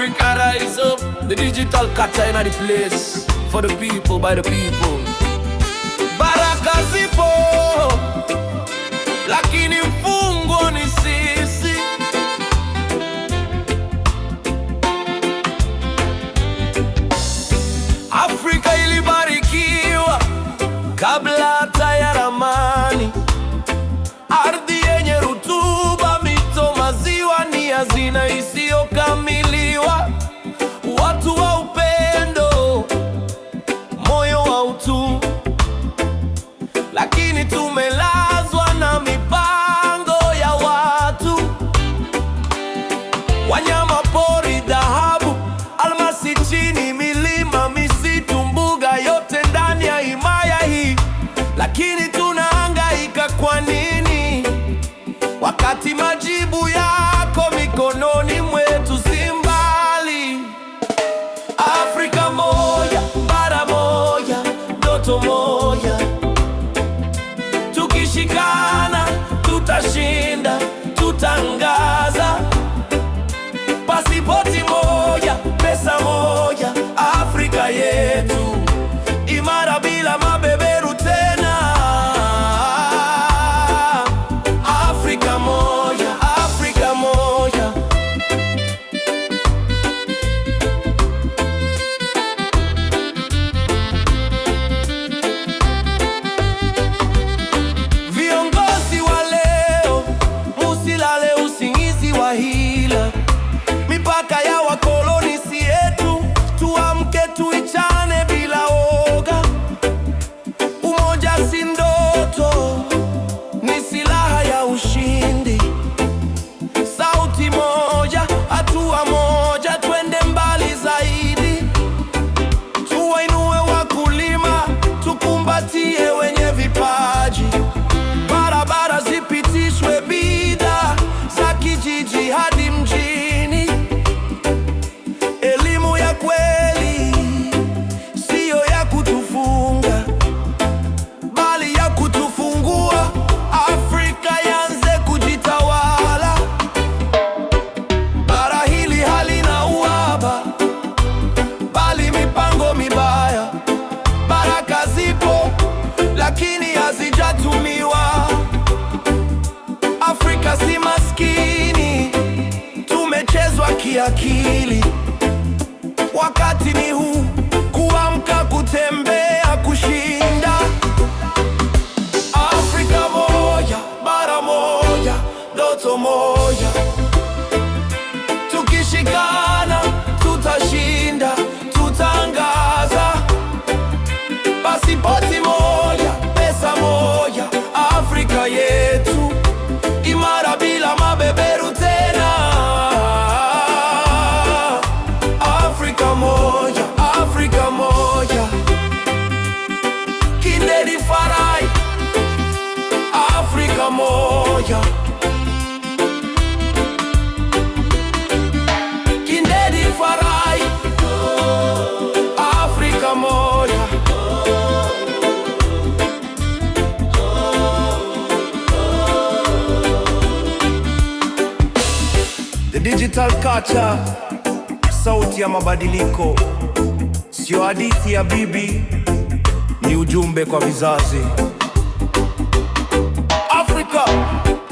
Africa rise up. The digital cutter in the place for the people by the people. Baraka Zipo. wanyama pori, dhahabu, almasi chini, milima, misitu, mbuga, yote ndani ya himaya hii, lakini tunahangaika kwa nini wakati majibu yako mikononi mwetu si Afrika moja, bara moja, ndoto moja, tukishikana tutashinda, tutangaza akili Afrika Digital Culture, sauti ya mabadiliko sio hadithi ya bibi, ni ujumbe kwa vizazi. go.